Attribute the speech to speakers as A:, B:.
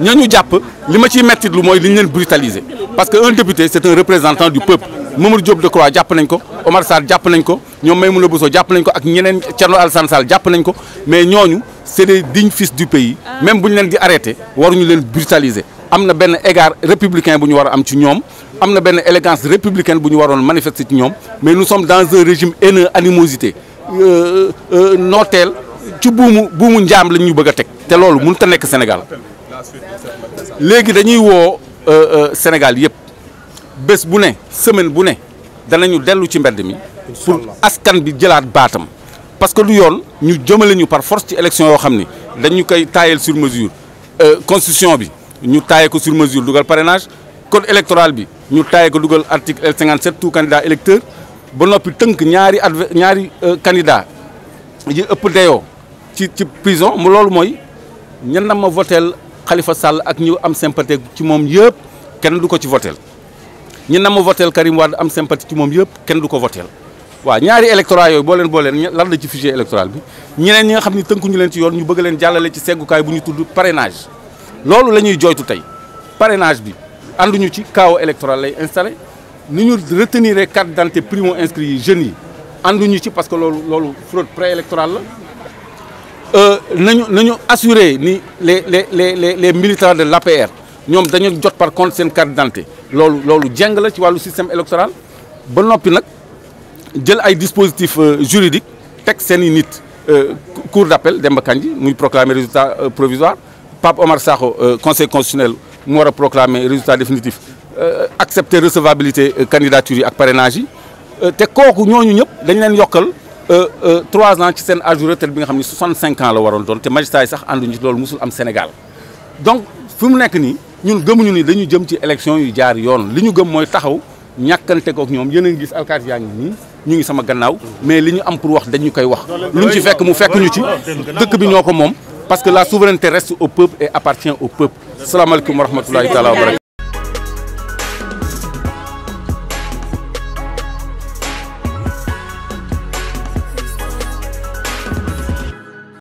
A: ñañu jàpp li ma ciy mettit lu mooy li leen brutaliser parce que un député c'est un représentant du peuple Mamadou Diop Decroix jàpp nañ ko Omar Sarr jàpp nañ ko ñoom Maymouna Bousso jàpp nañ ko ak ñeneen Thierno Alassane Sall jàpp nañ ko mais ñooñu c'est des dignes fils du pays même bu ñu leen di arrêté waruñu leen brutaliser am na benn égard républicain bu ñu war a am ci ñoom am na benn élégance républicain bu ñu waroon manifester ci ñoom mais nous sommes dans un régime haineux animosité euh, euh, euh, nooteel ci buumu buumu njaam lañ ñu bëgg a teg te loolu mënut a nekk Sénégal léegi dañuy woo euh, euh, Sénégal yëpp bés bu ne semaine bu ne danañu dellu ci mbedd mi pour askan bi jëlaat baatam parce que du yoon ñu jëmale ñu par force ci élection yoo xam ni dañu koy taayal sur mesure euh, constitution bi ñu taaye ko sur mesure dugal parrainage code électoral bi ñu taaye ko dugal article L57 tout candidat électeur ba noppi tënk ñaari adver ñaari candidat yi ëpp dayoo ci prison loolu mooy ñan na ma voteel xalifa sàll ak ñu am sympathie ci moom yëpp kenn du ko ci votel ñu nam ma votel Karim Wade am sympathie ci moom yëpp kenn du ko votel waaw ñaari électorat yooyu boo leen boo leen lan la ci fichier électoral bi ñeneen ñi nga xam ni tënkuñu leen ci yoon ñu bëgg leen jàllale ci seggukaay bu ñu tudd parrainage loolu la ñuy jooytu tey parrainage bi ànduñu ci chaos électoral lay installé ni ñu retenir carte dante primo inscrits yi jeunes yi ànduñu ci parce que loolu loolu fraude préélectorale la Euh, nañu nañu assuré ni les les les les militants de l'APR ñoom dañu jot par contre seen carte d'identité loolu loolu jàng la ci wàllu système électoral ba noppi nag jël ay dispositifs euh, juridiques teg seeni nit euh, cour d'appel Demba Kandji muy proclamer résultat provisoire Pape Omar Sakho conseil constitutionnel mu war a proclamer résultat définitif accepter recevabilité candidature yi ak parrainage yi te kooku ñooñu ñëpp dañ leen yokkal. Euh, euh, trois ans ci seen âge de bi nga xam ne soixante cinq ans la waroon doon te magistrat yi sax ànduñu ci loolu musul am Sénégal donc fi mu nekk nii ñun gëmuñu nii dañu jëm ci élection yu jaar yoon li ñu gëm mooy taxaw ñàkkante kook ñoom yéen a gis alkaati yaa ngi nii ñu ngi sama gannaaw mais li ñu am pour wax dañu koy wax luñ ci fekk mu fekk ñu ci dëkk bi ñoo ko moom parce que la souveraineté reste au peuple et appartient au peuple salaamaaleykum wa